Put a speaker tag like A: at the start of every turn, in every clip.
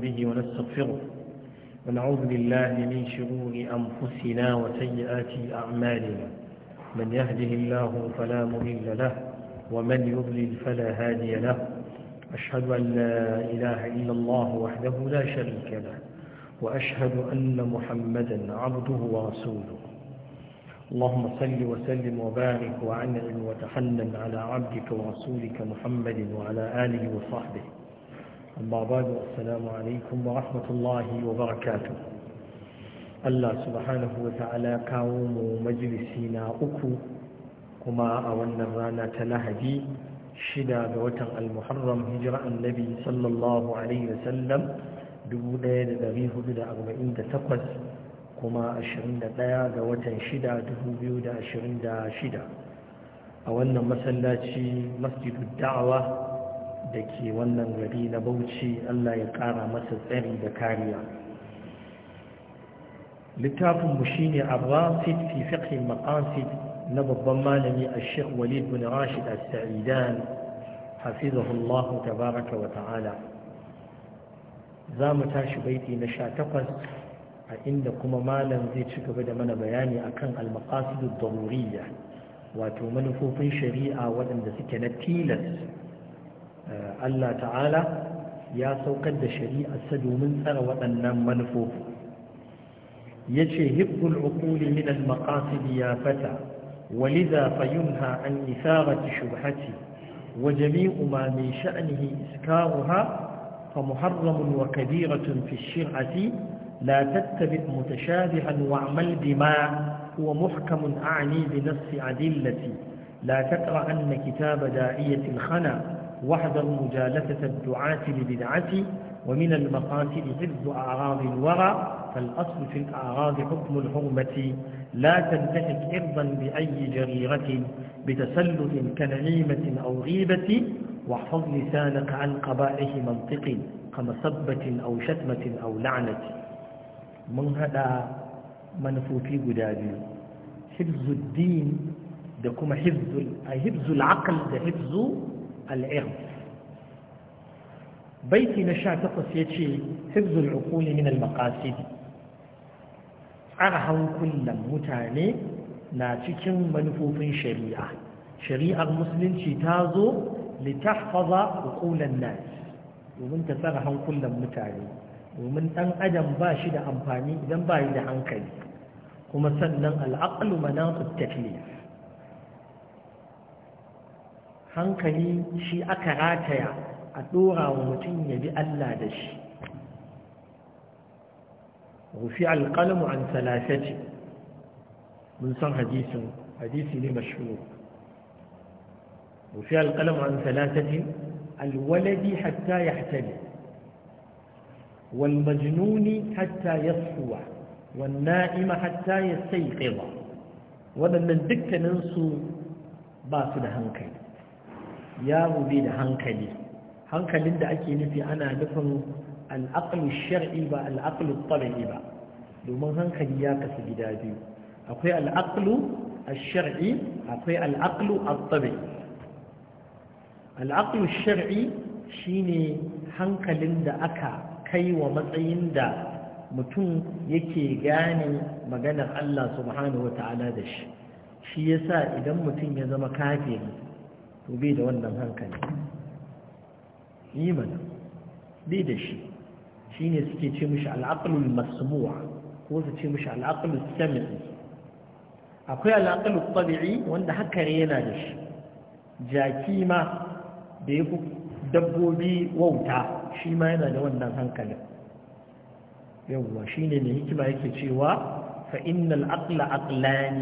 A: به ونستغفره ونعوذ بالله من شرور أنفسنا وسيئات أعمالنا من يهده الله فلا مضل له ومن يضلل فلا هادي له أشهد أن لا إله إلا الله وحده لا شريك له وأشهد أن محمدا عبده ورسوله اللهم صل وسلم وبارك وعنعم وتحنن على عبدك ورسولك محمد وعلى آله وصحبه أما بعد السلام عليكم ورحمة wa Barakatu. Allah subhanahu wa ta’ala kawo mu majalisi na uku kuma a wannan rana ta lahadi shida ga watan al-muharram hijira annabi sallallahu alaihi wasallam 1448 kuma 21 ga watan shida 2026 a wannan masallaci masjidu da'awa da ke wannan gari na bauchi Allah ya ƙara masa tsari da kariya littafin mu shine ar-rasid fi fiqh al-maqasid na babban malami al-sheikh Walid bin Rashid al-Sa'idan hafizahu Allah tabaraka wa ta'ala za mu tashi baiti na 18 a inda kuma malam zai ci gaba da mana bayani akan al-maqasid ad-daruriyya wato manufofin shari'a waɗanda suke na tilas Allah آه، تعالى يا saukar da shari'arsa domin tsara waɗannan manufofi ya ce hibbul uquli min al-maqasid ولذا فينهى عن إثارة شبهتي وجميع ما من شأنه إسكارها فمحرم وكبيرة في الشرعة لا تتبع متشابها واعمل بما هو محكم أعني بنص عدلتي لا تقرأن كتاب داعية الخنا واحذر مجالسة الدعاة لبدعة ومن المقاتل حفظ أعراض الورى فالأصل في الأعراض حكم الحرمة لا تنتهك إرضا بأي جريرة بتسلط كنعيمة أو غيبة واحفظ لسانك عن قبائح منطق كمصبة أو شتمة أو لعنة من هذا منفوتي قدادي حفظ الدين دكما حفظ العقل ده حفظ al'irm baiti na sha takwas ya ce hibzul ukuli min al-maqasidi tsara hankulan mutane na cikin manufofin shari'a shari'ar musulunci ta zo litahfaza uqulan nas domin ta tsara hankulan mutane domin ɗan adam ba shi da amfani idan ba yi da hankali kuma sannan al'aqlu manaqut taklif hankali shi aka rataya a ɗora wa mutum ya bi Allah da shi rufi alƙalamu an talashaci mun san hadisin hadisi ne mashuru rufi alƙalamu an talashaci alwaladi hatta ya hatta hatari والمجنون حتى يصفو ya sai ƙiba. waɗannan dukkaninsu ba su da hankali Ya bai da hankali hankalin da ake nufi ana nufin al'aqlu shar'i ba al'aqlu tabi'i ba domin hankali ya kasu gida biyu akwai al'aqlu ash-shar'i akwai al'aqlu at-tabi'i al'aqlu ash-shar'i shine hankalin da aka kai wa matsayin da mutum yake gane maganar Allah subhanahu Ta'ala da shi shi yasa idan mutum ya zama kafiri to bai da wannan hankali yi mana bai da shi shi ne suke ce mishi al'aqlul masmu'a ko su ce mishi al'aqlul sami'i akwai al'aqlul tabi'i wanda haka yana da shi jaki ma da ya dabbobi wauta shi ma yana da wannan hankalin yawwa shi ne mai hikima yake cewa akla-aqlani العقل عقلان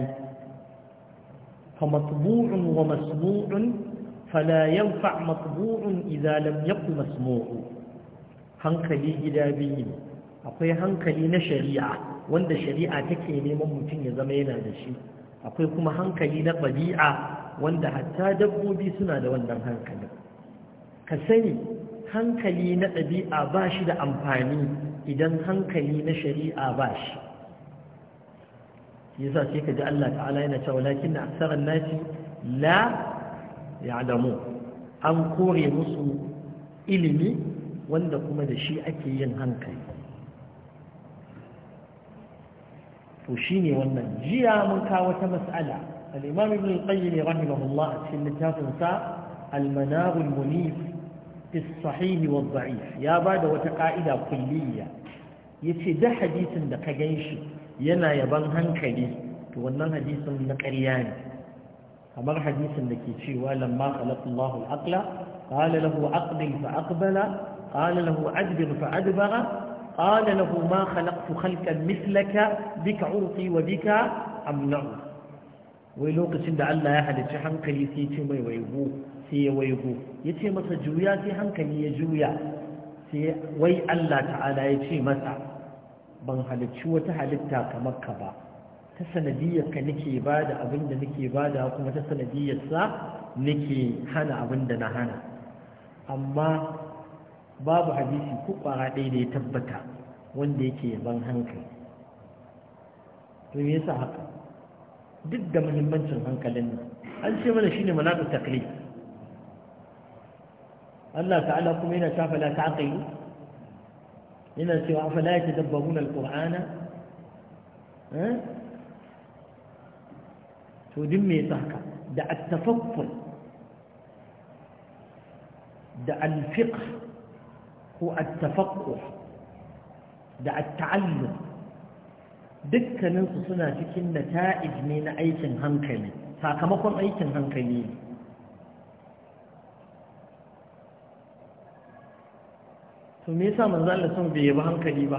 A: فمطبوع ومسموع فلا ينفع مطبوع إذا لم يكن مسموع hankali gida biyu akwai hankali na shari'a wanda shari'a take neman mutum ya zama yana da shi akwai kuma hankali na ɗabi'a wanda hatta dabbobi suna da wannan hankalin ka sani hankali na ɗabi'a ba shi da amfani idan hankali na shari'a ba shi yasa sai ka ji Allah ta'ala yana cewa lakin na asarar nasi la ya'lamu an kore musu ilimi wanda kuma da shi ake yin hankali to shine wannan jiya mun kawo ta matsala al-imam ibn al-qayyim rahimahullah a cikin littafin sa al munif fi wa ya wata ka'ida kulliyya yace da hadisin da ka ganshi yana yaban hankali to wannan hadisin na ƙarya ne kamar hadisin da ke cewa lamma khalaqa Allahu al-aqla qala lahu aqbil fa aqbala qala lahu adbir fa adbara qala lahu ma khalaqtu khalqan mithlaka bika urti wa bika amna'u wai lokacin da Allah ya halicci hankali sai ce mai waigo sai ya waigo ya ce masa juya sai hankali ya juya sai wai Allah ta'ala ya ce masa ban halicci wata halitta kamar ka ba ta sanadiyar ka nake ba da abin da nake ba da kuma ta sanadiyar sa nake hana abin da na hana amma babu hadisi ko kwara ɗaya da ya tabbata wanda yake ban hankali to me yasa haka duk da muhimmancin hankalin nan an ce mana shine manaqat taklif Allah ta'ala kuma yana shafa la ta'qilu yana cewa afala yatadabbaruna al-qur'ana eh to din me yasa haka da at-tafakkur da al-fiqh ko at-tafakkur da at-ta'allum dukkanin su suna cikin nata'ij ne na aikin hankali sakamakon aikin hankali ne to me yasa manzo Allah sun bai yi hankali ba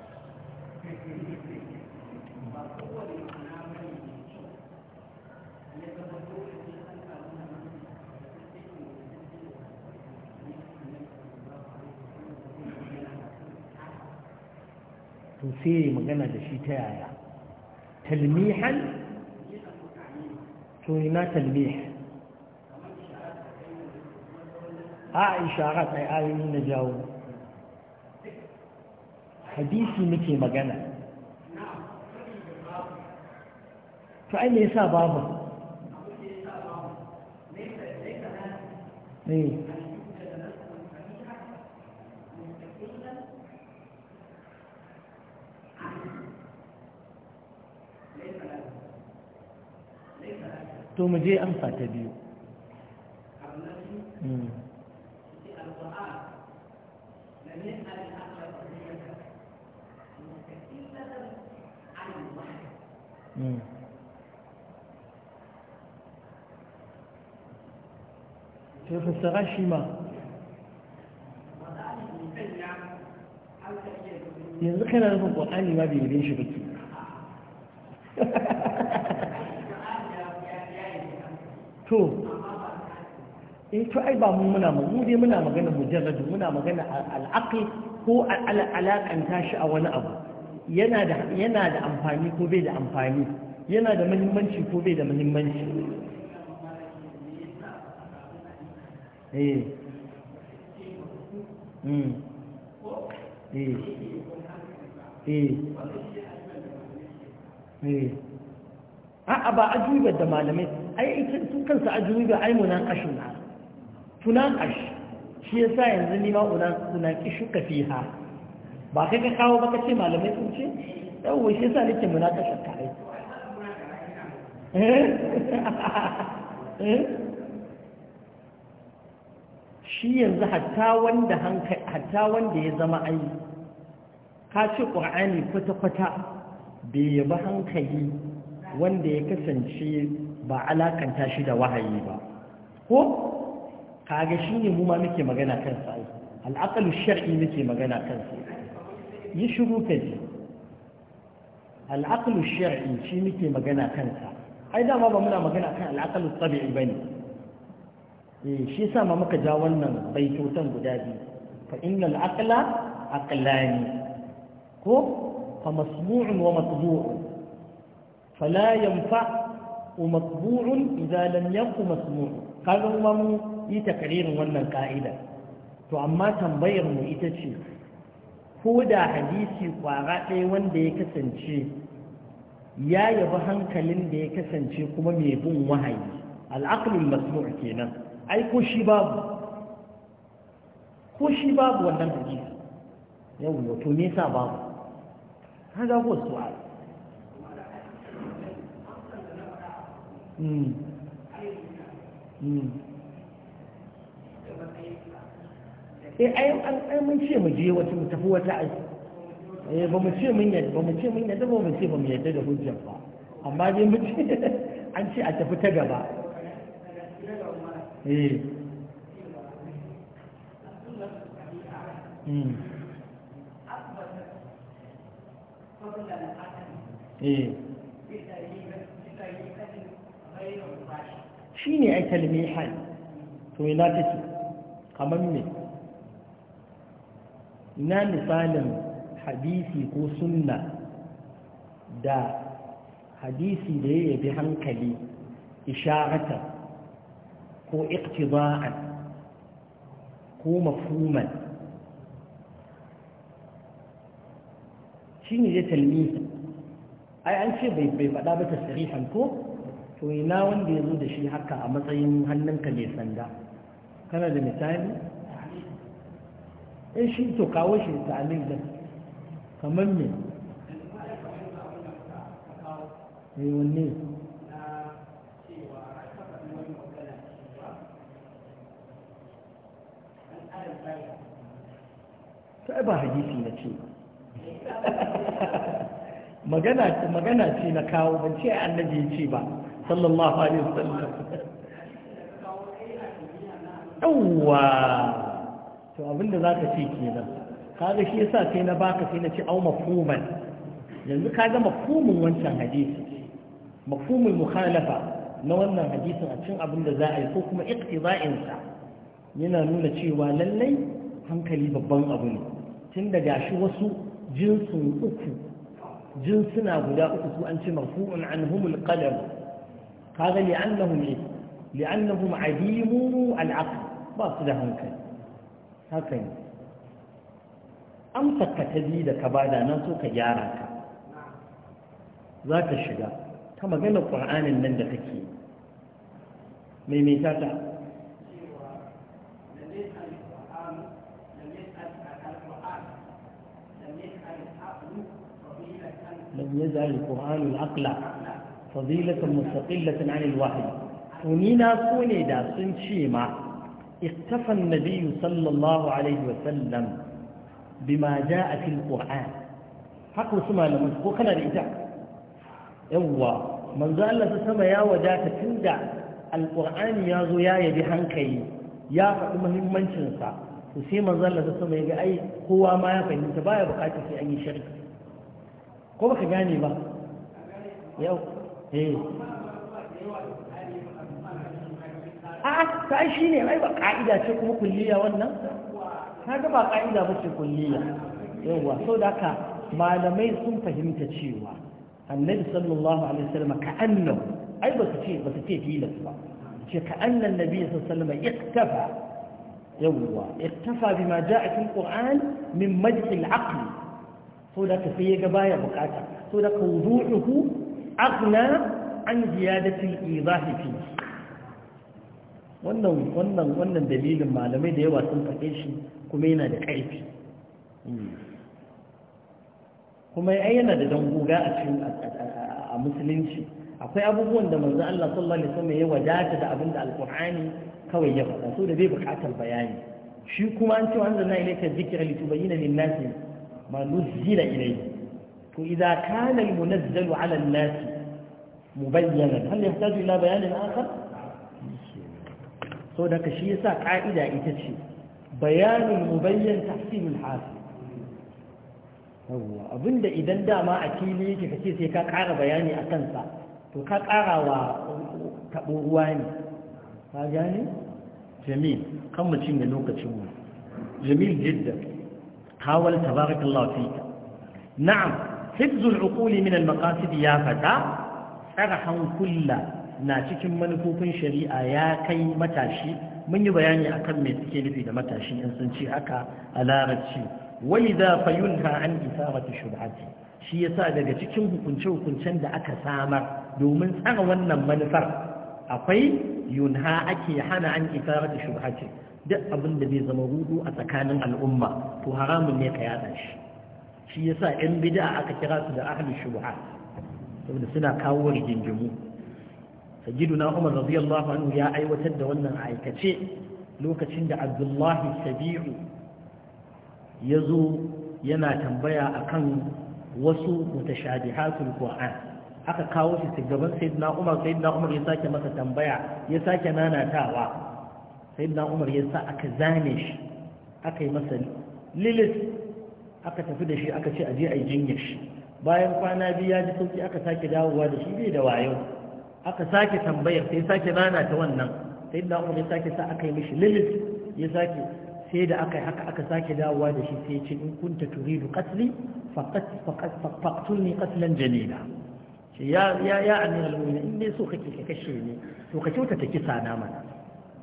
A: sai ya magana da shi ta yaya talmihan to ina talmih a ishara tsaye ayoyi na jawo hadisi muke magana to ai me yasa babu eh to mu je amsa ta biyu
B: sai fassara shi ma yanzu kana nufin
A: ƙwaƙani ma bai yi shi ba ke
B: to
A: in eh, to ai ba mu muna mu dai muna magana mujarradu muna magana al'aqi ko al'alakanta shi a wani abu yana da yana da amfani ko bai da amfani yana da muhimmanci ko bai da muhimmanci eh
B: mm eh eh
A: eh a'a ba ajubar da malamai ai su kansu ajuwi ga ai munan kashin na tunan kashi shi ya sa yanzu nima una kishu ka fiha ba kai ka kawo baka ce malamai sun ce yawon shi ya sa nake muna kashin ka ai eh? Eh? shi yanzu hatta wanda hatta wanda ya zama ai ka ce ƙwa'ani kwata-kwata bai yaba hankali wanda ya kasance ba alakanta shi da wahayi ba ko kaga shi ne mu ma muke magana kansa ai al'aqalu shar'i muke magana kansa yi shiru ka ji al'aqalu shar'i shi muke magana kansa ai dama ba muna magana kan al'aqalu tabi'i bane eh shi yasa ma muka ja wannan baitotan guda biyu fa innal aqla aqlani ko fa masmu'un wa matbu'un fala yanfa' ومطبوع إذا لم يق مسموع قالوا ما مو يتكرير ولا قائدة to amma tambayar mu ita ce ko da hadisi kwara ɗaya wanda ya kasance ya yabi hankalin da ya kasance kuma mai bin wahayi al'aqlul masmu' kenan ai ko shi babu ko shi babu wannan hadisi yau to me yasa babu hada ko su'al eh ai mun ce mu je wata mu tafi wata aiki. eh ba mu ce mun yadda ba mu ce mun yadda ba mu ce ba mu yadda da hujjar ba amma dai mu ce an ce a tafi ta gaba eh, hmm. eh. shi ne ai talmihan to ina take kamar me ina misalin hadisi ko sunna da hadisi da ya yabi hankali isharata ko iktiba'an ko mafuman? shi ne ya talmihan ai an ce bai faɗa ba ta ko to ina wanda ya zo da shi haka a matsayin hannunka mai sanda kana da misali in eh, shi to kawo shi ta'alil da kamar me eh, wanne ta ba hadisi na ce magana ce na kawo ban ce annabi ya ce ba sallallahu alaihi wasallam yawwa to abinda zaka ce kenan kaga shi yasa sai na baka sai na ce au mafhuman yanzu kaga mafhumin wancan hadisi mafhumin mukhalafa na wannan hadisin a cikin abinda za a yi ko kuma iqtida'in sa yana nuna cewa lallai hankali babban abu ne tun da gashi wasu jinsin uku jinsuna guda uku su an ce marfu'un anhum alqalam kaga li annahum ne li annahum adimu al'aql ba su da hankali haka amsa ka ta bi da ka bada nan so ka gyara ka za ka shiga ta maganar ƙur'anin nan da kake maimaita ta
B: يجعل القرآن العقل فضيلة مستقلة عن الوحي ونينا سوني دا
A: سنشيما اقتفى النبي صلى الله عليه وسلم بما جاء في القرآن حق سما لمن كنا رئيسا يوا من ذا الله سما يا وجاك تندع القرآن يا زيايا بحنكي يا مهمنشنسا to sai manzon Allah ta sama yaga ai kowa ma ya fahimta baya bukatar sai an yi shirka ko baka gane ba yau eh a'a ta shi ne ai ba ka'ida ce kuma kulliya wannan kaga ba ka'ida ba ce kulliya yawa so da haka malamai sun fahimta cewa annabi sallallahu alaihi wasallam ka annab ai ba su ce ba su ce tilas ba ce ka annan nabi sallallahu alaihi wasallam iktafa yawa iktafa bima ja'a fil qur'an min madh al aql so da sai ya ga baya bukata so da ka wudu'uhu aghna an ziyadati idahi fi wannan wannan wannan dalilin malamai da yawa sun faɗe shi kuma yana da ƙarfi kuma ai yana da dangoga a cikin a musulunci akwai abubuwan da manzo Allah sallallahu alaihi wasallam ya wadata da abinda alqur'ani kawai ya faɗa so da bai buƙatar bayani shi kuma an ce wa anzalna ilayka dhikra litubayyana lin-nasi ma nuzzila ilayhi to idza kana al-munazzalu ala an-nas mubayyanan hal yahtaju ila bayanin akhar so da shi yasa ka'ida ita ce bayanin abinda idan dama a fili yake kace sai ka ƙara bayani a kansa to ka ƙara wa taɓo ruwa ne ka gane jamil kan cinye lokacin mu jamil jiddan حاول تبارك الله فيك نعم حفظ العقول من المقاصد يا فتى شرحا كل نا cikin manufofin shari'a ya kai matashi mun yi bayani akan mai suke nufi da matashi in sun ci haka a larabci walidha fayunha an isabati shubhati shi yasa daga cikin hukunce hukuncen da aka samar domin tsara wannan manufar akwai yunha ake hana an isabati shubhati duk abin da bai zama rudu a tsakanin al'umma to haramun ne ka yada shi shi yasa yan bid'a aka kira su da ahlus shubha saboda suna kawo rigingimu na umar radiyallahu anhu ya aiwatar da wannan aikace lokacin da abdullahi sabi'u ya zo yana tambaya akan wasu mutashabihatul qur'an aka kawo shi gaban sayyidina umar sayyidina umar ya sake masa tambaya ya sake nanatawa sayyidina umar ya sa aka zane shi aka yi masa lilis aka tafi da shi aka ce aje a yi jinyar shi bayan kwana biyu ya ji sauki aka sake dawowa da shi bai da wayo aka sake tambayar sai sake rana ta wannan sayyidina umar ya sake sa aka yi mishi lilis ya sake sai da aka haka aka sake dawowa da shi sai ce in kunta turidu qatli faqat faqat faqtulni qatlan jalila ya ya ya amir in ne so kake ka kashe ni to ka kyautata kisa na mana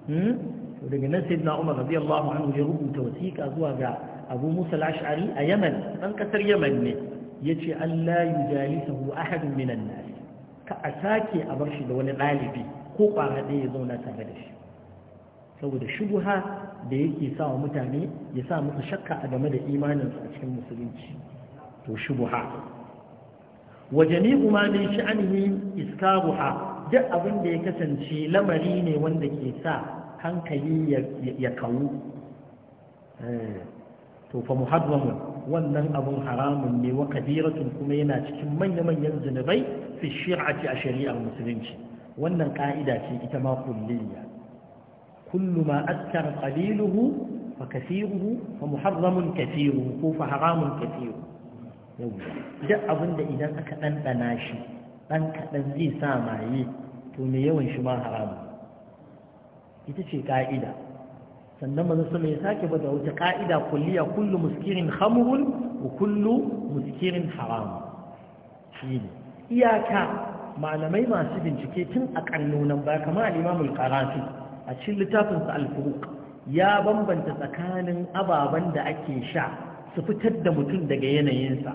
A: hmm daga nan na Umar radiyallahu anhu ya rubuta wasiƙa zuwa ga Abu Musa al a Yaman ɗan ƙasar Yaman ne yace Allah yujalisuhu ahadun minan nas ka a sake a bar shi da wani ɗalibi ko ƙwara ɗaya ya zauna tare da shi saboda shubuha da yake sa wa mutane ya sa musu shakka a game da imaninsu a cikin musulunci to shubuha wa jami'u ma min sha'anihi iskaruha duk abin da ya kasance lamari ne wanda ke sa hankali ya kawo. Eh, to fa muharramun wannan abun haramun ne wa kabiratun kuma yana cikin manya-manyan zunubai fi shir'ati a shari'ar musulunci wannan ka'ida ce ita ma kulliya kullu ma askara qaliluhu fa kathiruhu fa muharramun kathiruhu ko fa haramun kathiruhu duk abin da idan aka ɗanɗana shi ɗan kaɗan zai sa maye to me yawan shi ma haramun ita ce ka'ida sannan manzo sama ya sake bada wata ka'ida kulliya kullu muskirin khamrun wa kullu muskirin haram shine iyaka malamai masu bincike tun a kannunan ba kamar al-Imam al a cikin littafin sa al ya bambanta tsakanin ababen da ake sha su fitar da mutum daga yanayinsa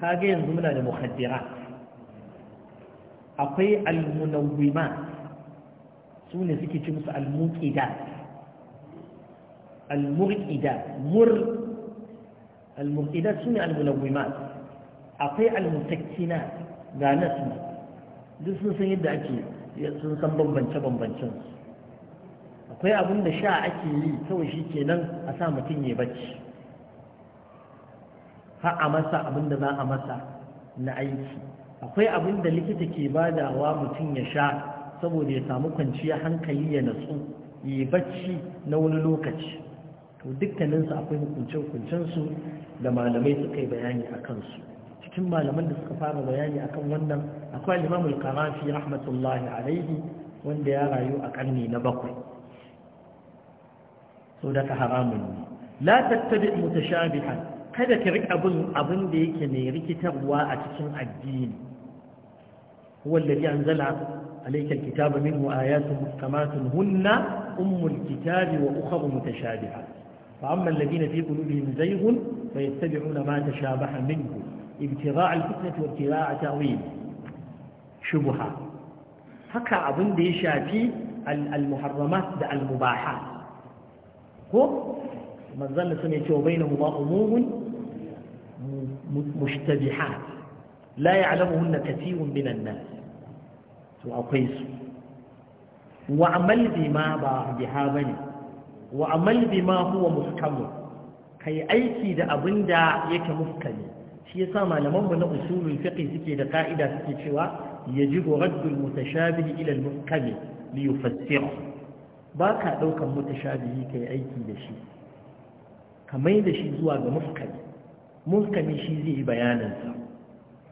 A: kaga yanzu muna da muhaddira akwai al-munawwimat su ne suke ci musu al-muqida al-murqida mur al-murqida su ne al-mulawwimat akwai al-mutakkina ga nasu duk sun san yadda ake sun san bambance bambancen akwai abin da sha ake yi kawai shi kenan a sa mutum ya bacci har a masa abin da za a masa na aiki akwai abin da likita ke badawa mutum ya sha saboda ya samu kwanciya hankali ya natsu yi bacci na wani lokaci to dukkaninsu akwai hukunce-hukuncensu da malamai suka yi bayani a kansu cikin malaman da suka fara bayani akan wannan akwai limamul karafi rahmatullahi alaihi wanda ya rayu a karni na bakwai so daga haramun ne la tattabi mutashabihan kada ki rika bin abin da yake ne rikitarwa a cikin addini huwa alladhi anzala عليك الكتاب منه آيات محكمات هن أم الكتاب وأخر متشابهات فأما الذين في قلوبهم زيغ فيتبعون ما تشابه منه ابتغاء الفتنة وابتغاء تأويل شبهة هكا أظن دي شافي المحرمات دع المباحات هو من ظن سمعت وبينهما أموم مشتبهات لا يعلمهن كثير من الناس to akwai su wa amal ma ba biha bane wa amal bima huwa muhkamu kai aiki da abinda yake muhkami shi yasa malaman mu na usulul fiqh suke da ka'ida suke cewa yajibu raddul mutashabih ila al muhkami li yufassiru ba ka daukan mutashabihi kai aiki da shi ka mai da shi zuwa ga muhkami muhkami shi zai yi bayanin sa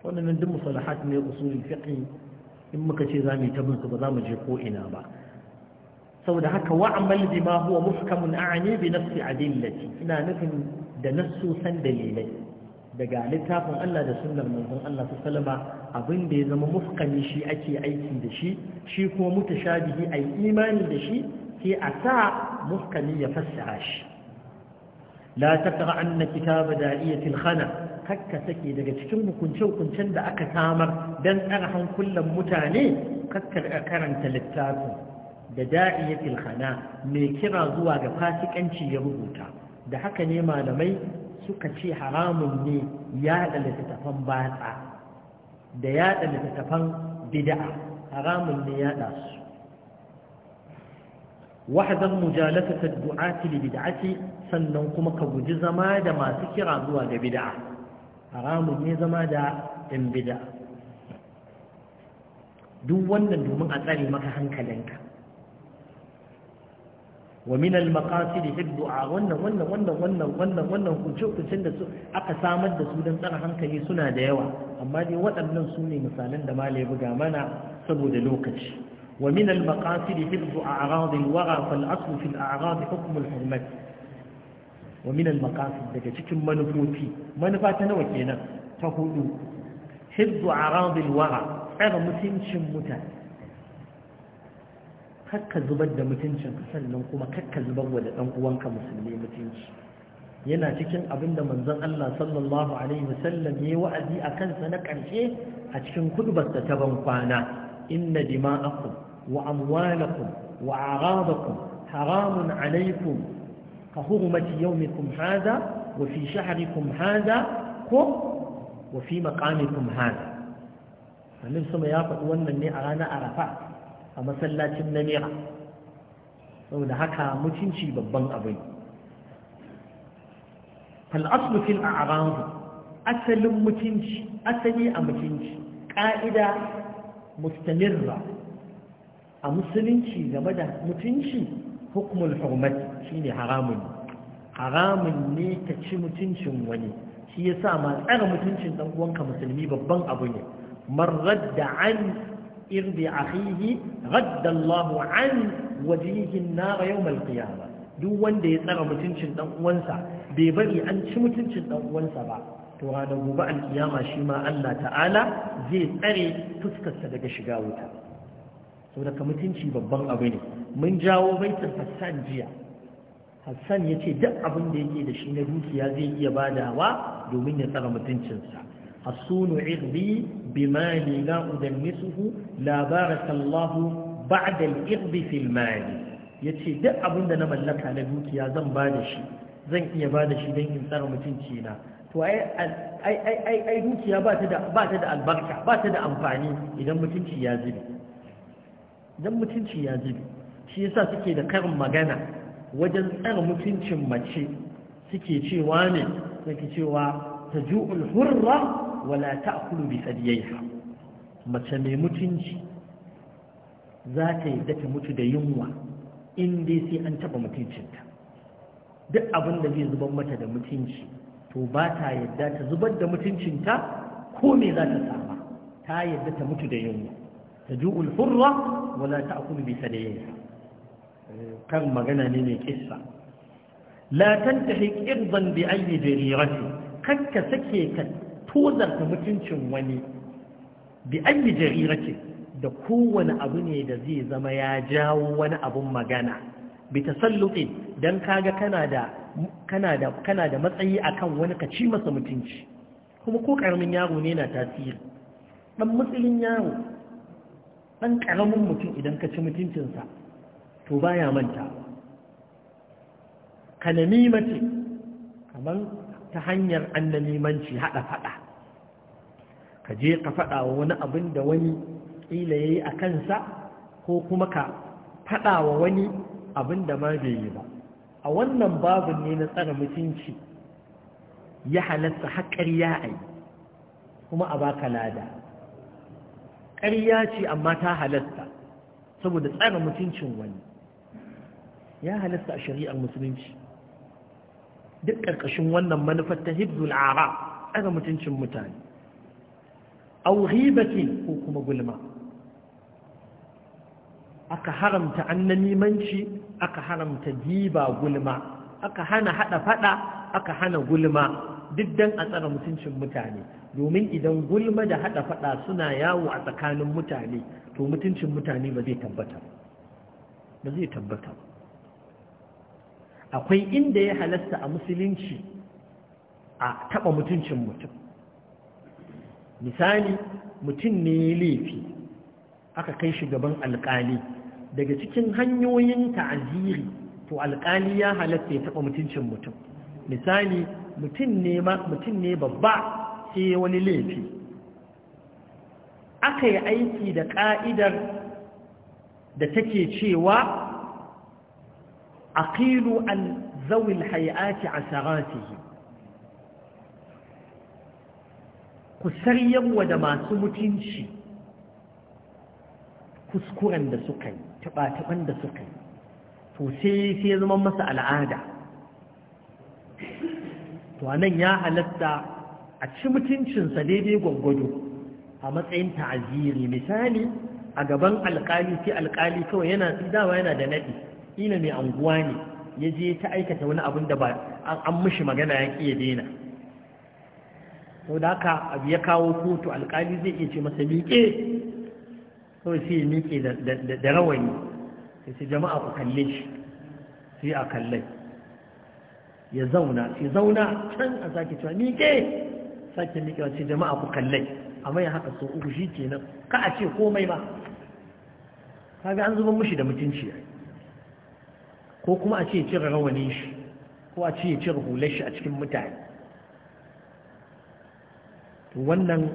A: wannan duk musalahat ne usulul fiqh in muka ce za mu yi ta su ba za mu je ko ina ba saboda haka wa'amal bima huwa muhkamun a'ani bi nafsi adillati ina nufin da nassu san dalilai daga littafin Allah da sunnar manzon Allah su salama abin da ya zama muhkami shi ake aiki da shi shi kuma mutashabihi ai imani da shi sai a sa muhkami ya fassara shi la taqra anna kitaba da'iyatil khana kakka sake daga cikin hukunce-hukuncen da aka samar don tsara kullum mutane kakka karanta littafin da ya khana mai kira zuwa ga fasikanci ya rubuta da haka ne malamai suka ce haramun ne yaɗa littattafan batsa da yaɗa littattafan bid'a haramun ne yaɗa su wahadar mujalatata du'ati da bid'ati sannan kuma ka guji zama da masu kira zuwa ga bid'a haramun ne zama da ɗan bida duk wannan domin a tsare maka hankalinka wa min al hiddu a wannan wannan wannan wannan wannan wannan kucin da su aka samar da su don tsara hankali suna da yawa amma dai waɗannan su ne misalan da malai buga mana saboda lokaci wa min al hiddu a a'rad al-wara fal asl fi al-a'rad hukm wa minan al daga cikin manufofi manufa ta nawa kenan ta hudu hibzu aradil wara tsara mutuncin mutane kakka zubar da mutuncin sannan kuma kakka zubar wa da ɗan uwanka musulmi mutunci yana cikin abin da manzon Allah sallallahu alaihi wasallam yayi wa'azi a kansa na ƙarshe a cikin kudubarsa ta ban kwana inna dima'akum wa amwalakum wa a'radakum haramun alaikum كهرمة يومكم هذا وفي شهركم ko كم وفي مقامكم هذا annin sama ya faɗi wannan ne a ranar arafa a masallacin namira saboda haka mutunci babban abin fal'aslu fil a'rahu asalin mutunci asali a mutunci ƙa'ida mustamirra a musulunci game da mutunci hukmul shi shine haramun haramun ne ka ci mutuncin wani shi yasa ma tsara mutuncin dan uwanka musulmi babban abu ne marar da an irdi akhihi radda Allahu an wajihin na nar yawm al duk wanda ya tsara mutuncin dan uwansa bai bari an ci mutuncin dan uwansa ba to ranar gobe alkiyama shi ma Allah ta'ala zai tsare fuskarsa daga shiga wuta saboda mutunci babban abu ne mun jawo baitin hassan jiya hassan ya ce duk abin da yake da shi na dukiya zai iya badawa domin ya tsara mutuncinsa Hassunu irbi bi mali la udannisuhu la baraka Allah ba'da irbi fil mali ce duk abin da na mallaka na dukiya zan ba da shi zan iya ba da shi don in tsara mutunci na to ai dukiya ba ta da albarka ba ta da amfani idan mutunci ya zube idan mutunci ya zube shi yasa suke da karin magana wajen tsara mutuncin mace suke cewa ne suke cewa ta ju'ul hurra wala ta'kulu bi sadiyaiha mace mai mutunci za ta yadda ta mutu da yunwa in dai sai an taba mutuncinta duk abin da zai zubar mata da mutunci to ba ta yadda ta zubar da mutuncinta ko me za ta sama ta yadda ta mutu da yunwa ta ju'ul hurra wala ta'kulu bi sadiyaiha kan magana ne mai kissa la tantahi qirdan bi ayi jarirati kakka sake ka tozarta mutuncin wani bi ayi jarirati da kowane abu ne da zai zama ya jawo wani abun magana bi tasalluqi dan kaga kana da kana da kana matsayi akan wani ka ci masa mutunci kuma ko karamin yaro ne na tasiri dan matsayin yaro dan karamin mutum idan ka ci mutuncinsa to ba ya manta ka namimati kamar ta hanyar annamimanci haɗa faɗa ka je ka faɗa wa wani abin da wani ƙila ya yi a kansa ko kuma ka faɗa wa wani abin da ma bai yi ba a wannan babin ne na tsara mutunci ya halatta haƙar ya yi kuma a baka lada ƙarya ce amma ta halatta saboda tsara mutuncin wani ya halasta a shari'ar musulunci duk ƙarƙashin wannan manufar ta hibzul ara daga mutuncin mutane au ko kuma gulma aka haramta annamimanci aka haramta giba gulma aka hana hada fada aka hana gulma duk dan a tsara mutuncin mutane domin idan gulma da hada fada suna yawo a tsakanin mutane to mutuncin mutane ba zai tabbata ba zai tabbata ba akwai inda ya halasta a musulunci a taɓa mutuncin mutum misali mutum ne laifi aka kai shi gaban alƙali daga cikin hanyoyin ta'aziri to alƙali ya halasta ya taɓa mutuncin mutum misali mutum ne babba sai wani laifi aka yi aiki da ƙa'idar da take cewa aqilu an zawi alhayati asaratihi ku saryawa da masu mutunci kuskuren da suka yi taɓa-taɓan da suka yi to sai zama masa al'ada to nan ya halatta a ci mutuncinsa daidai gwaggwado a matsayin ta'aziri misali a gaban alƙali sai alƙali kawai yana dawa yana da naɗi kila mai anguwa ne ya je ta aikata wani abin da ba an mishi magana ya ƙi ya daina sau da haka abu ya kawo kotu alƙali zai iya ce masa miƙe kawai sai ya miƙe da rawani sai sai jama'a ku kalle shi sai a kalle ya zauna sai zauna can a sake cewa miƙe sake miƙe sai jama'a ku kalle A mai haka sau uku shi kenan ka a ce komai ba kaga an zuba mushi da mutunci yayi ko kuma a ce cire rawanin shi ko a ce cire hular shi a cikin mutane wannan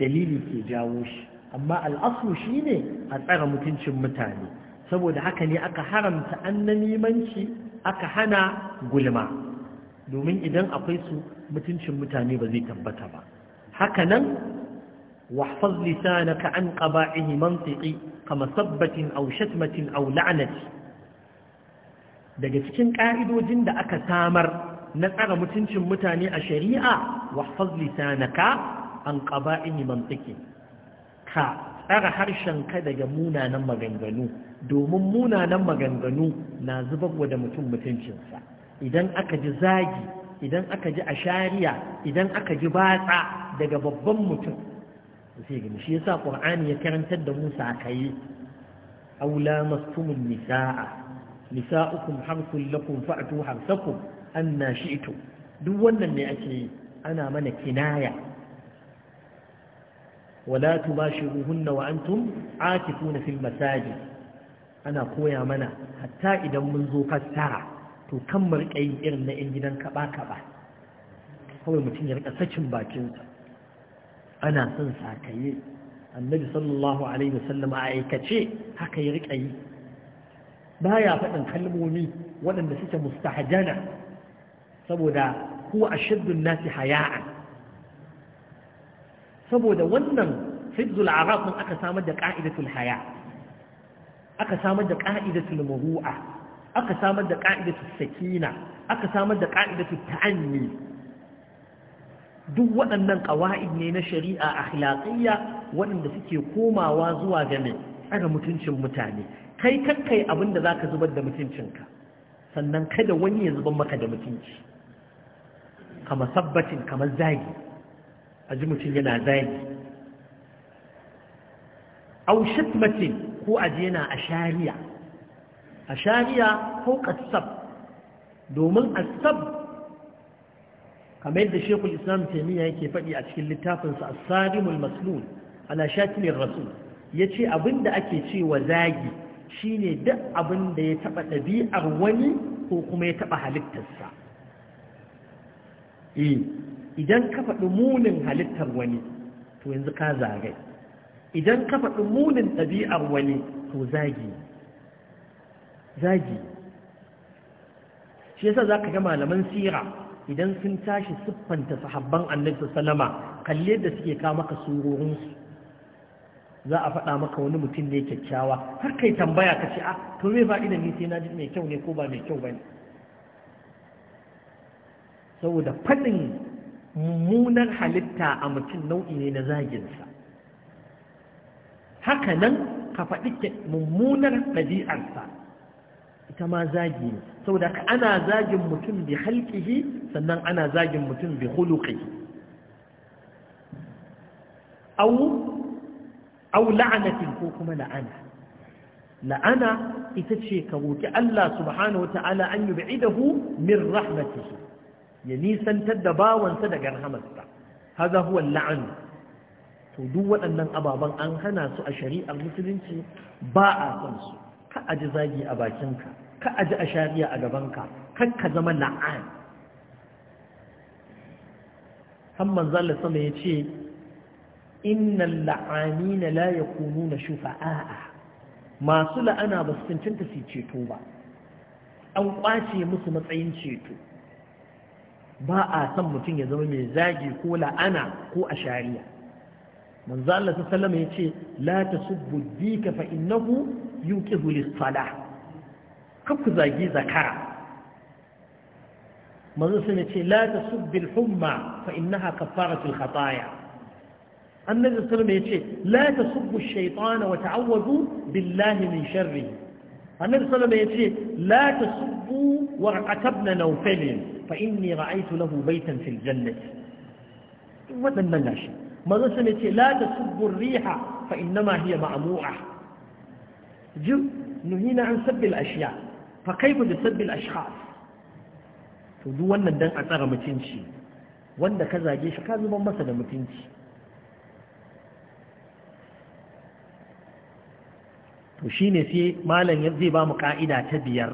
A: dalili ke jawo shi amma al'asu shi ne a tsara mutuncin mutane saboda haka ne aka haramta annamimanci aka hana gulma domin idan akwai su mutuncin mutane ba zai tabbata ba haka nan wahfaz lisanaka an qaba'ihi mantiqi kama sabbatin aw shatmatin aw la'nati daga cikin ƙa'idojin da aka samar na tsara mutuncin mutane a shari'a wa ka, an qaba'ini mantiki ka tsara harshenka daga munanan maganganu domin munanan maganganu na zubarwa da mutum mutuncinsa idan aka ji zagi idan aka ji ashariya idan aka ji batsa daga babban mutum sai gani shi yasa ƙur'ani ya karantar da ka yi. aula mastumun nisaa nisa'ukum harsun lakum fa'tu harsakum anna shi'tu duk wannan ne ake yi ana mana kinaya wala tubashiruhunna wa antum atifuna fil masajid ana koya mana hatta idan mun zo fassara to kan marƙayi irin na 'yan gidan kaba-kaba kawai mutum ya rika sakin bakinsa ana son sakaye annabi sallallahu alaihi wasallam a aikace haka ya rika yi Ba ya faɗin kalmomi waɗanda suke mustahajana saboda huwa ashaddun nasi haya'an saboda wannan hibzul arab aka samar da qa'idatul haya aka samar da qa'idatul muru'a aka samar da qa'idatul sakina aka samar da qa'idatul ta'anni duk waɗannan ƙawa'id ne na shari'a akhlaqiyya waɗanda suke komawa zuwa game tsara mutuncin mutane kai kakkai abin da za ka zubar da mutuncinka sannan kada wani ya zubar maka da mutunci kama sabbacin kama zagi a ji mutum yana zagi au mutum ko a ji yana a shari'a a shari'a ko kasab domin asab kamar yadda shekul islam taimiyya yake faɗi a cikin littafinsa a asadimul maslul ana shakilin rasul ya ce abinda ake cewa zagi shine duk abin da ya taɓa ɗabi'ar wani ko kuma ya taɓa halittarsa e, idan ka faɗi munin halittar wani to yanzu ka zagai idan ka faɗi munin ɗabi'ar wani to zagi zagi shi yasa za ka ga malaman sira idan sun tashi siffanta sahabban annabi sallama kalle da suke kawo maka surorinsu za a faɗa maka wani mutum ne kyakkyawa har kai tambaya ka ce a ah, to me ba ina sai na ji mai kyau ne ko ba mai kyau ba ne saboda faɗin mummunar halitta a mutum nau'i ne na zaginsa haka nan ka faɗi mummunar ɗabi'arsa ita ma zagi ne saboda ana zagin mutum bi halƙihi sannan ana zagin mutum bi hulukihi au la'anatin ko kuma la'ana la'ana ita ce ka roki Allah subhanahu wata'ala an yub'idahu min rahmatihi ya nisantar da bawansa daga rahamarsa haza huwa la'an to duk waɗannan ababen an hana su a shari'ar musulunci ba a san su ka aji zagi a bakinka ka aji a shari'a a gabanka kan ka zama la'an Hamman manzon sama ya ce inna la'anina la yakununa shufa'a masu la'ana ba su cancanta su ceto ba an kwace musu matsayin ceto ba a san mutum ya zama mai zagi ko la'ana ko a shari'a manzo Allah ta sallama ya ce la tasubbu dika fa innahu yuqihu lis-salah ku zagi zakara manzo sun ce la tasubbu al-humma fa innaha kaffaratul khataya annabi sallallahu alaihi ce la tasubbu ash-shaytana wa ta'awwadu billahi min sharri annabi sallallahu alaihi wasallam yace la tasubbu warqatabna nawfal fa inni ra'aytu lahu baytan fil jannati wadannan gashi manzo sallallahu alaihi ce la tasubbu ar-riha fa innama hiya ma'mu'a jin nuhina an sabbi al-ashya fa kayfa bi sabbi al-ashkhas to duk wannan dan a tsara mutunci wanda ka zage shi ka zuban masa da mutunci to shi ne sai malam ya zai ba mu ƙa’ida ta biyar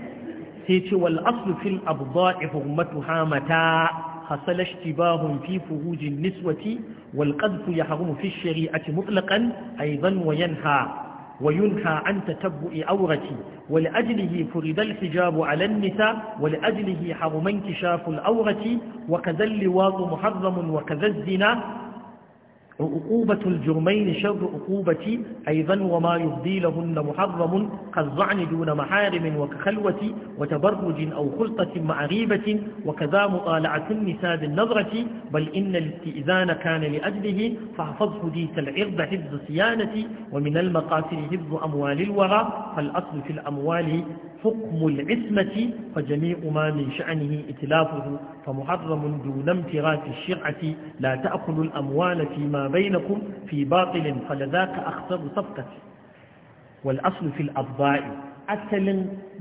A: sai ce wal aslu fil abu za’i hukumatu hamata hasalar shi ba hunfi niswati wal ƙazfu ya haɗu fi shari'ati mutlaƙan aizan wayan ha wayun ha an ta tabbu a aurati wal ajilihi furidal hijabu a lannisa wal ajilihi haɗu man kishafu al'aurati wa kazalli watsu muhazzamun wa kazazzina وعقوبة الجرمين شر عقوبة أيضا وما يفضي لهن محرم كالظعن دون محارم وكخلوة وتبرج أو خلطة مع غيبة وكذا مطالعة النساء بالنظرة بل إن الاستئذان كان لأجله فاحفظ حديث العرض حفظ صيانة ومن المقاتل حفظ أموال الورى فالأصل في الأموال حكم العصمة فجميع ما من شأنه إتلافه فمحرم دون امتراك الشرعة لا تأكلوا الأموال فيما بينكم في باطل فلذاك أخطر صفقة والأصل في الأضباء أصل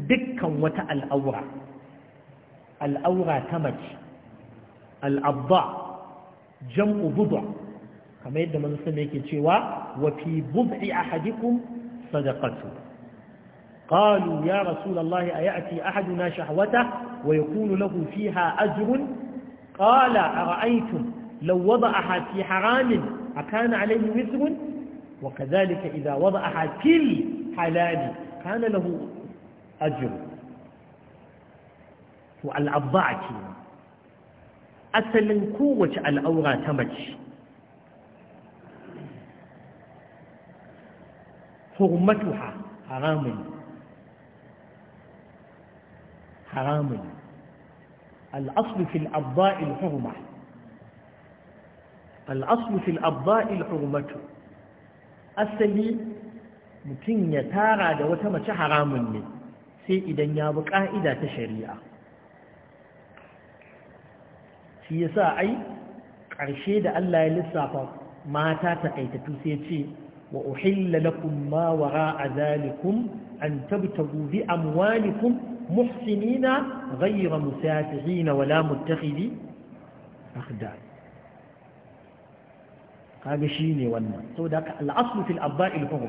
A: دكا وتاء الأورى الأورى تمج الأضاء جمع بضع كما يدى من سميك الشواء وفي بضع أحدكم صدقته قالوا يا رسول الله أيأتي أحدنا شهوته ويكون له فيها أجر قال أرأيتم لو وضعها في حرام أكان عليه وزر وكذلك إذا وضعها في الحلال كان له أجر والأبضاع أسلن قوة الأورى تمج حرمتها حرام haramun al'aslu fil abda'il hurmatu asali mutum ya tara da wata mace haramun ne sai idan ya bi ƙa'ida ta shari'a shi ya sa ai ƙarshe da Allah ya lissafa mata ta kaitatu sai ce wa uhilla lakum mawara wara a zalikum an tabtagu bi amwalikum muhsinina ghayra musafihin wala muttakhidi akhdar kaga shine wannan saboda haka al'aslu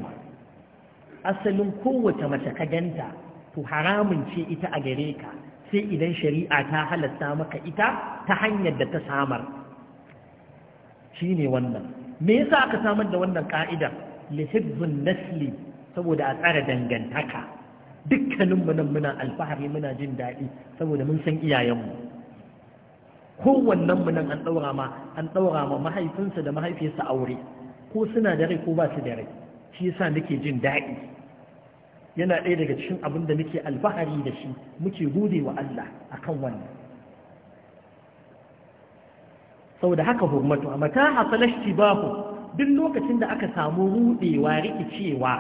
A: asalin kowace mace ka ganta to haramun ce ita a gareka sai idan shari'a ta halatta maka ita ta hanyar da ta samar shine wannan me yasa aka samar da wannan ka'idar lihibzun nasli saboda a tsara dangantaka dukkaninmu nan muna alfahari muna jin daɗi saboda mun san iyayenmu kowannen mu nan an ɗaura ma an ɗaura ma mahaifinsa da mahaifiyarsa aure ko suna da rai ko ba su da rai shi yasa nake jin daɗi yana ɗaya daga cikin abin da muke alfahari da shi muke gode wa Allah akan wannan saboda haka hurmatu a mata ba ku duk lokacin da aka samu rudewa rikicewa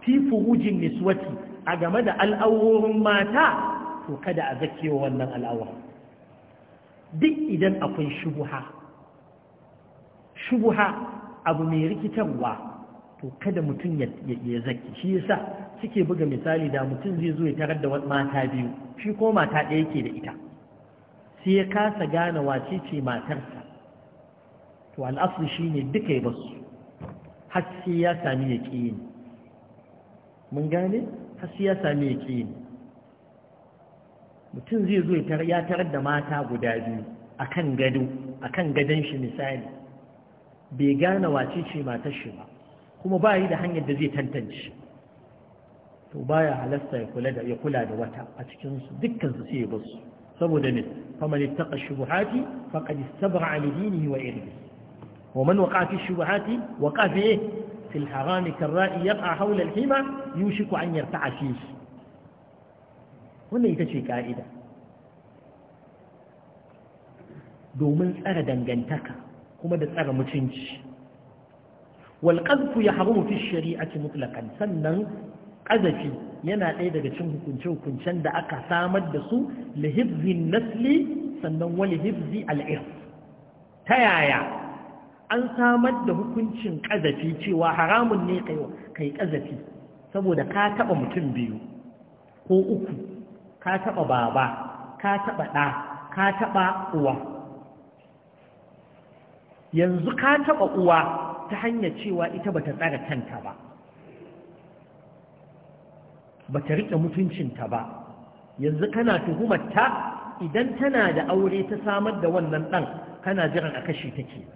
A: fi furujin niswati a game da al'aurorin mata to kada a wa wannan al'awar duk idan akwai shubuha shubuha abu mai rikitarwa to kada mutum ya zaki shi yasa suke buga misali da mutum zai zo ya tarar da mata biyu shi ko mata ɗaya ke da ita sai ya kasa gane wace ce matarsa to al'asu shi ne duka ya basu har sai ya sami ya ƙi mun gane har siyasa ne ya ƙi mutum zai zo ya tarar da mata guda biyu a kan gado a kan gadon shi misali bai gane wace ce matar shi ba kuma ba yi da hanyar da zai tantance to baya halarta ya kula da ya kula da wata a cikin su dukkan su sai ya basu saboda ne faman ittaqa shubuhati faqad ne ala dinihi wa irin wa man waqa fi shubuhati waqa في الحرام كالرائي يقع حول الحمى يوشك أن يرتع فيه wannan ita ce ka'ida domin tsara dangantaka kuma da tsara mutunci walƙazfu ya haru fi shari'ati mutlakan sannan ƙazafi yana ɗaya daga cin hukunce-hukuncen da aka samar da su lihibzin nasli sannan wani hibzi al'ir ta yaya an samar da hukuncin ƙazafi cewa haramun ne kai ƙazafi saboda ka taɓa mutum biyu ko uku ka taɓa baba ka taɓa ɗa ka taɓa uwa yanzu ka taɓa uwa ta hanyar cewa ita bata tsara kanta ba bata riƙe mutuncinta ba yanzu kana tuhumarta idan tana da aure ta samar da wannan ɗan kana jiran a kashe take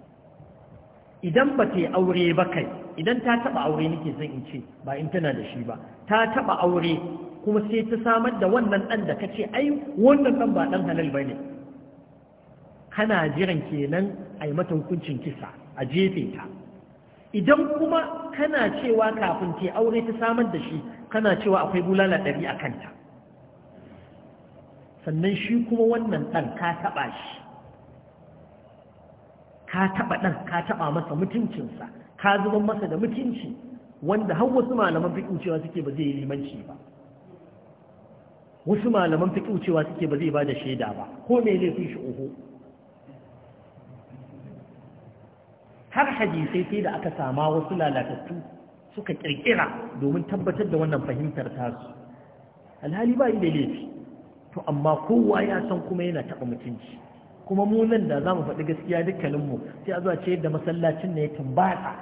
A: idan ba ta aure ba kai idan ta taba aure nake zan in ce ba in tana da shi ba ta taba aure kuma sai ta samar da wannan dan da kace ai wannan dan ba ɗan halal bane kana jiran kenan ai mata hukuncin kisa a jefe ta idan kuma kana cewa kafin ta aure ta samar da shi kana cewa akwai bulala ɗari a kanta sannan shi kuma wannan dan ka taɓa shi ka taɓa ɗan ka taɓa masa mutuncinsa ka zuban masa da mutunci wanda har wasu malaman fiƙin cewa suke ba zai yi limanci ba wasu malaman fiƙin cewa suke ba zai ba da shaida ba ko mai laifin shi uhu har hadisai sai da aka sama wasu lalatattu suka ƙirƙira domin tabbatar da wannan fahimtar tasu alhali ba yi da laifi to amma kowa ya san kuma yana taɓa mutunci kuma mu nan da za mu faɗi gaskiya dukkaninmu sai a zuwa ce yadda masallacin ne ya tumbatsa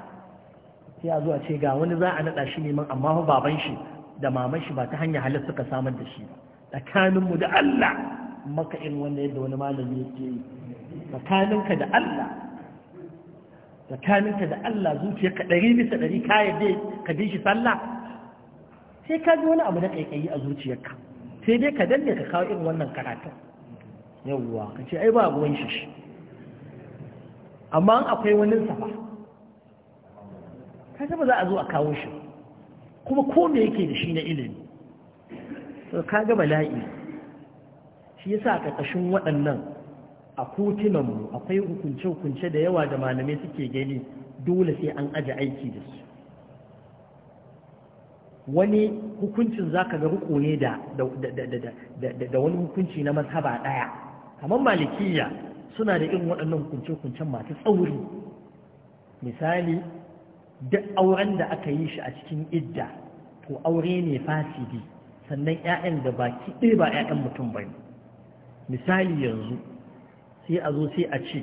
A: sai a zuwa ce ga wani za a naɗa shi neman amma baban shi da maman shi ba ta hanyar halar suka samar da shi tsakaninmu da Allah maka in wanda yadda wani malami yake yi tsakaninka da Allah tsakaninka da Allah zuciya ka ɗari bisa ɗari ka yadda ka bi shi sallah sai ka ji wani abu na ƙaiƙayi a zuciyarka sai dai ka danne ka kawo irin wannan karatun yawwa ka ce ai ba shi amma akwai wani safa ka ba za a zo a kawo shi kuma ko yake da shi na ilimi to ka ga bala'i shi yasa a ƙarƙashin waɗannan a kotunan mu akwai hukunce-hukunce da yawa da malamai suke gani dole sai an aje aiki da su wani hukuncin za ka ga ruko ne da wani hukunci na mazhaba ɗaya kamar malikiya suna da irin waɗannan kunce hukuncen masu tsauri misali duk auren da aka yi shi a cikin idda to aure ne fasidi sannan 'ya'yan da baki ɗaya ba 'ya'yan mutum ba misali yanzu sai a zo sai a ce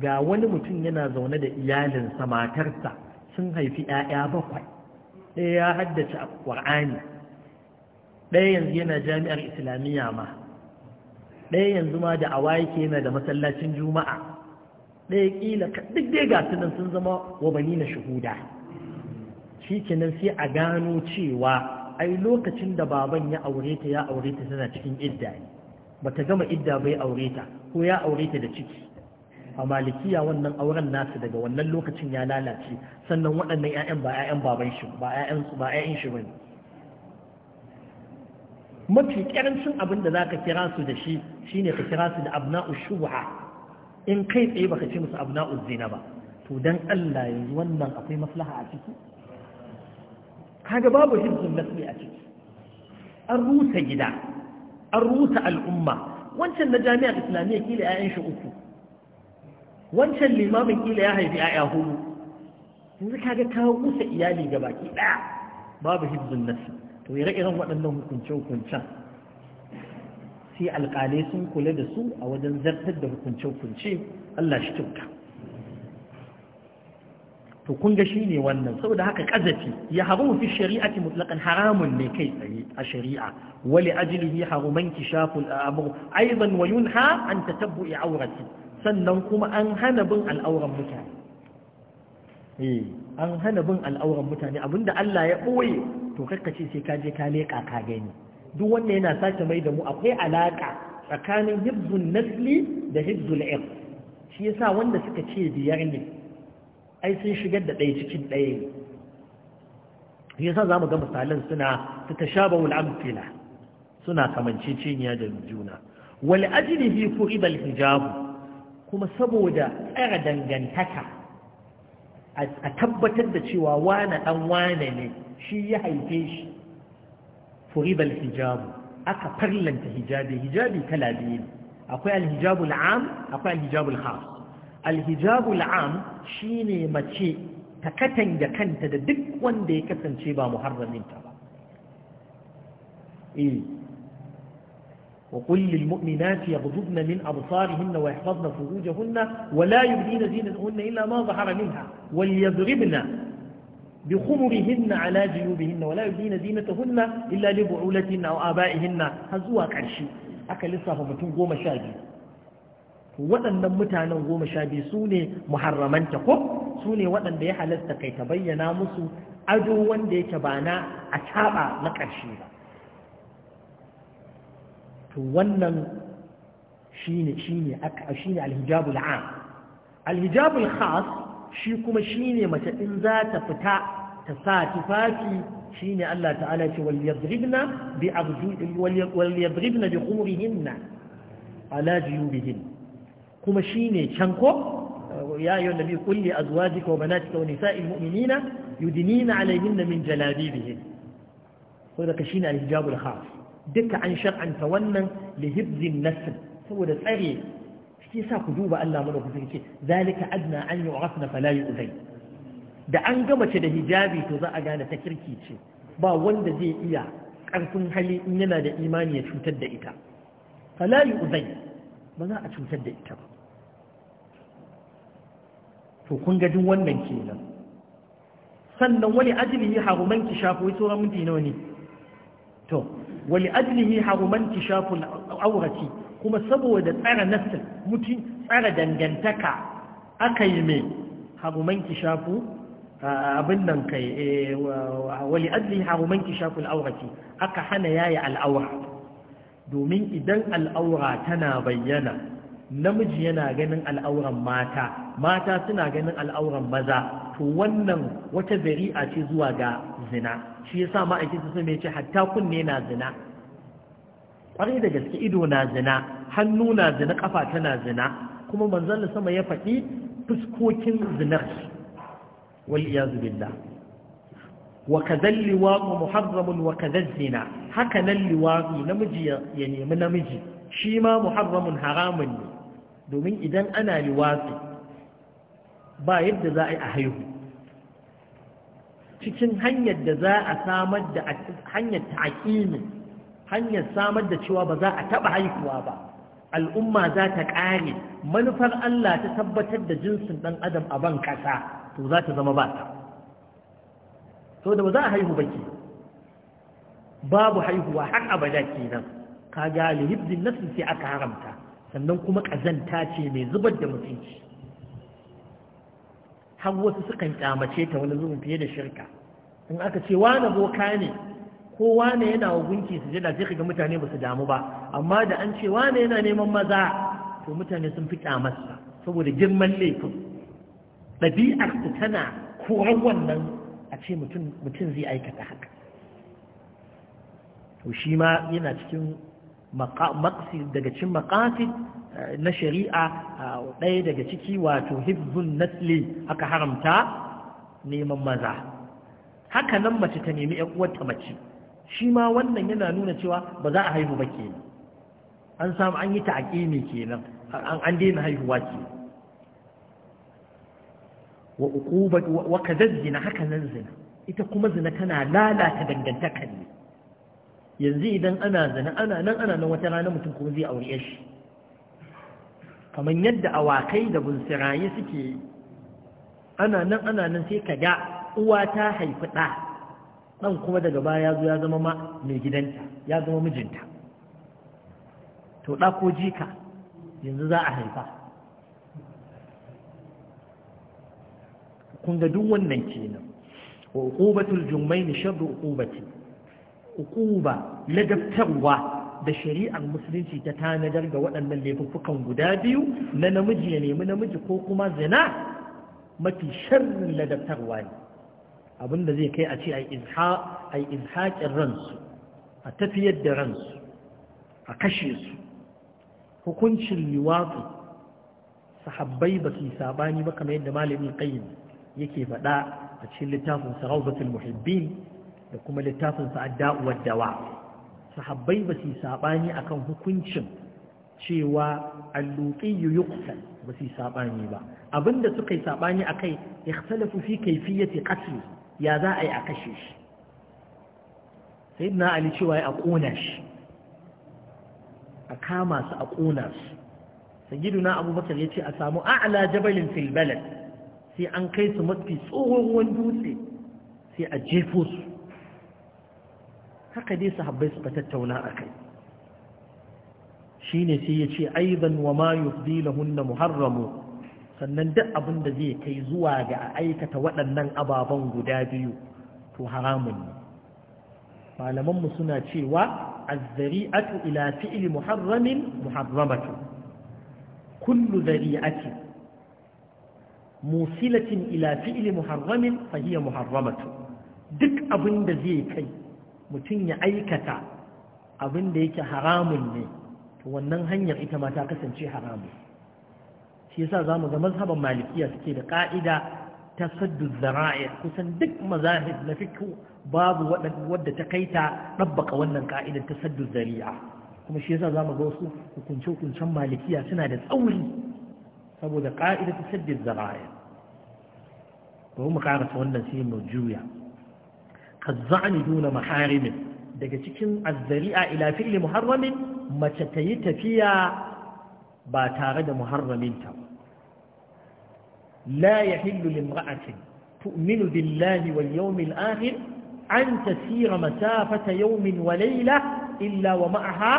A: ga wani mutum yana zaune da iyalinsa matarsa sun haifi 'ya'ya bakwai ɗaya ya haddace a ƙwar'ani ɗaya yanzu yana jami'ar islamiyya ma ɗaya yanzu ma da awa yake yana da masallacin juma'a ɗaya ƙila duk dai ga su sun zama wa bani na shahuda. shi kenan sai a gano cewa ai lokacin da baban ya aure ta ya aure ta tana cikin idda ne bata gama idda bai aure ta ko ya aure ta da ciki a malikiya wannan auren nasu daga wannan lokacin ya lalace sannan waɗannan 'ya'yan ba 'ya'yan baban shi ba 'ya'yan shi bane mafi karancin abin da za ka kira su da shi shi ne ka kira su da abna'u shubha in kai tsaye baka ce musu abna'u zina ba to don Allah yanzu wannan akwai maslaha a ciki kaga babu hizbun nasbi a ciki an rusa gida an rusa al'umma wancan na jami'ar islamiyya kila ya'yan shi uku wancan limamin kila ya haifi ya'ya hudu yanzu kaga ka rusa iyali gabaki ɗaya? babu hizbun nasbi to ire-iren waɗannan hukunce-hukuncen sai alƙalai sun kula da su a wajen zartar da hukunce-hukunce Allah shi kyauta to kun ga shine wannan saboda haka kazafi ya haramu fi shari'ati mutlaqan haramun ne kai tsaye a shari'a wali ajlihi haruman kishaful amr aidan wa yunha an tatabbu'i awrati sannan kuma an hana bin al'auran mutane eh an hana bin al'auran mutane abinda Allah ya boye to ce sai ka je ka leƙa ka gani duk wanda yana sake mai da mu akwai alaƙa tsakanin hibzun nasli da hibzul ir shi yasa wanda suka ce biyar ne ai sun shigar da ɗaya cikin ɗaya ne shi yasa za mu ga misalan suna ta tashabawul amfila suna ciniya da juna wal ajlihi fu'ibal hijabu kuma saboda tsara dangantaka a tabbatar da cewa wane ɗan wane ne shi ya haife shi furibal hijabu aka farlanta hijabi hijabi kala biyu ne akwai alhijabu la'am, akwai alhijabu al'am alhijabu al'am shi ne mace ta katanga kanta da duk wanda ya kasance ba muharraminta ba eh. وقل للمؤمنات يغضبن من أبصارهن ويحفظن فروجهن ولا يبدين زينتهن إلا ما ظهر منها وليضربن بخمرهن على جيوبهن ولا يبدين زينتهن إلا لبعولتهن أو آبائهن هذا هو كالشيء أكا لسا فمتون قوم وأن متانا قوم سوني محرما تقف سوني وأن بيحا لستقي تبين مصو أجو وان ديك بانا أتابع لكالشيء to wannan shine shine aka shine khas shi kuma shine mace in za ta fita ta sa tufafi ne Allah ta'ala ce wal yadribna bi arjul ala jiyubihin kuma shine can ko يا أيها النبي قل لأزواجك وبناتك ونساء المؤمنين يدنين bihin ko جلابيبهن هذا كشين alhijabul khas. duka an shar'anta wannan lihibzin nasl saboda tsare shi sa ku duba Allah mana ku ce zalika adna an yu'rafna falayi uzai. da an ga mace da hijabi to za a gane ta kirki ce ba wanda zai iya ƙarfin hali in yana da imani ya cutar da ita Falayi uzai, ba za a cutar da ita ba to kun ga duk wannan kenan sannan wani ajili haruman ki shafo sauran minti nawa ne to wali ajlihi haruman tishaful aurati kuma saboda tsara nassin mutum tsara dangantaka aka yi mai haruman tishafu abin nan kai e, wali ajlihi haruman tishaful aurati aka hana yayi al'aura domin idan al'aura tana bayyana namiji yana ganin al'auran mata mata suna ganin al'auran maza to wannan wata zari'a ce zuwa ga zina shi yasa ma'aikinsa sun ce hatta kunne na zina kwarai da gaske ido na zina hannu na zina kafa tana zina kuma manzon sama ya faɗi fuskokin zinar wal iyazu billah wa kadhal liwaqu muharramun wa kadhal zina haka nan liwaqi namiji ya nemi namiji shi ma muharramun haramun ne domin idan ana liwatsi ba yadda za a yi a haihu cikin hanyar da za a samar da hanyar ta'aƙini hanyar samar da cewa ba za a taɓa haihuwa ba al'umma za ta ƙare manufar Allah ta tabbatar da jinsin ɗan adam a ban ƙasa to za ta zama ba ta to da ba za a haihu ba ke babu haihuwa har abada kenan kaga lihibdin nafsi sai aka haramta sannan kuma ƙazanta ce mai zubar da mutunci har wasu sukan kyamace ta wani zubin fiye da shirka in aka ce wane boka ne ko wane yana wa gunki su jada sai ga mutane ba su damu ba amma da an ce wane yana neman maza to mutane sun fi kyamarsa saboda girman laifin ɗabi'ar su tana koran wannan a ce mutum zai aikata haka to shi ma yana cikin maqsid daga cikin maqasid eh, na shari'a ɗaya daga ciki wato hibzun nasli aka haramta neman maza haka nan mace ta nemi uwarta mace shi ma wannan yana nuna cewa ba za a haihu ba ke. an samu an yi ta'aqimi kenan an daina haihuwa ke. wa uqubat wa kadhzina haka nan zina ita kuma zina tana lalata dangantakar ne yanzu idan ana zana ana nan ana nan wata rana mutum kuma zai aure shi kamar yadda awakai da bunsiraye suke ana nan ana nan sai ka ga uwa ta haifi ɗa ɗan kuma daga baya ya zo ya zama ma mai gidanta ya zama mijinta to ɗa ko jika yanzu za a haifa kun ga duk wannan kenan wa uqubatul jumaini shabu uqubati hukuba ladabtarwa da shari'ar musulunci ta tanadar ga waɗannan laifuffukan guda biyu na namiji ya nemi namiji ko kuma zina mafi sharrin ladabtarwa ne abinda zai kai a ce a yi izhaƙin ransu a tafiyar da ransu a kashe su hukuncin liwatu sahabbai ba su yi sabani ba kamar yadda malamin qayyim yake faɗa a cikin littafin saraubatul muhibbin da kuma littafin sa adda'uwar dawa sahabbai ba su sabani akan hukuncin cewa al-luqiyyu yuqtal ba su sabani ba abinda suka yi sabani akai ikhtalafu fi kayfiyati qatl ya za a yi a kashe shi na ali cewa ya kona shi a kama su a ƙona su na abubakar ya ce a samu a'la jabalin fil sai an kai su mafi tsohon dutse sai a jefo su haka dai sahabbai suka tattauna a kai shi ne sai ya ce aizan wa ma yufdi lahunna muharramu sannan duk abin da zai kai zuwa ga a aikata waɗannan ababen guda biyu to haramun ne malamanmu suna cewa azzari'atu ila fi'li muharramin muharramatu kullu zari'ati musilatin ila fi'li muharramin fa hiya muharramatu duk abin da zai kai mutum ya aikata abin da yake haramun ne to wannan hanyar ita ma ta kasance haramu shi yasa za mu ga mazhaban malikiya suke da ka'ida ta saddu zara'i kusan duk mazahib na fiqh babu wadda ta kaita dabbaka wannan ka'idar ta saddu zari'a kuma shi yasa za mu ga wasu hukunce-hukuncen malikiya suna da tsauri saboda ka'idar ta saddu zara'i bari mu karasa wannan sai mu juya kazza'ani duna maharimin daga cikin azzari'a ila fi'li muharramin mace ta yi tafiya ba tare da ta la yahillu limra'atin tu'minu billahi wal yawmil akhir an tasira masafata yawmin wa layla illa wa ma'aha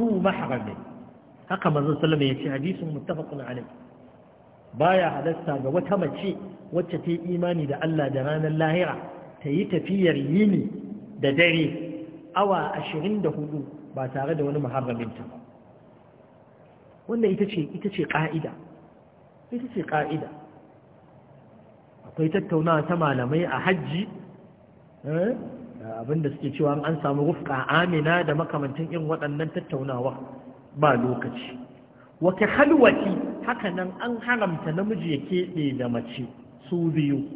A: zu mahramin haka manzon sallama yace hadisin muttafaqun alayh baya halasta ga wata mace wacce ta yi imani da Allah da ranar lahira ta yi tafiyar yini da dare awa ashirin da hudu ba tare da wani muharraminta ba wannan ita ce ƙa'ida ita ce ƙa'ida akwai tattaunawa ta malamai a hajji eh, abinda suke cewa an samu rufka amina da makamancin irin waɗannan tattaunawa ba lokaci wata halwati nan an haramta namiji ya keɓe da mace su biyu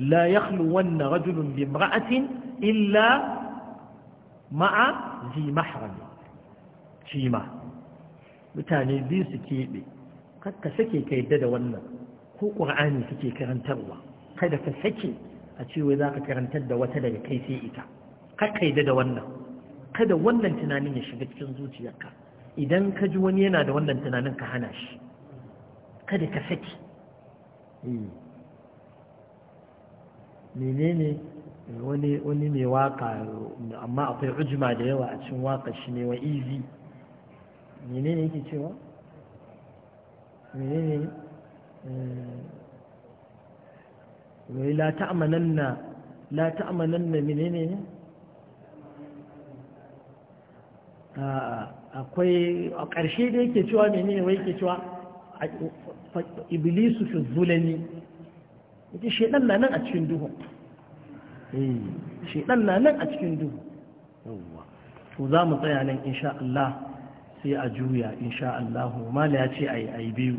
A: لا يخلون رجل بامرأة إلا مع ذي محرم شيما mutane biyu su keɓe ka sake ka yadda da wannan ko ƙur'ani suke karantarwa kada ka sake a cewa za ka karantar da wata daga kai sai ita ka yadda da wannan kada wannan tunanin ya shiga cikin zuciyarka idan ka ji wani yana da wannan tunanin ka hana shi kada ka sake menene wani wani mai waka amma akwai ujma da yawa a cikin waka shi ne wa izi menene yake cewa menene eh, wai la na la ta'amananna menene ne akwai a ƙarshe da yake cewa menene wai yake cewa iblisu fi zulani yace shaidan na nan a cikin duhu eh shedan na nan a cikin duhu to za mu tsaya nan insha Allah sai a juya insha Allah mala ya ce ai ai biyu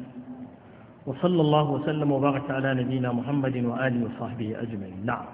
A: wa sallallahu wa sallama wa baraka ala nabiyina muhammadin wa alihi wa sahbihi ajma'in na'am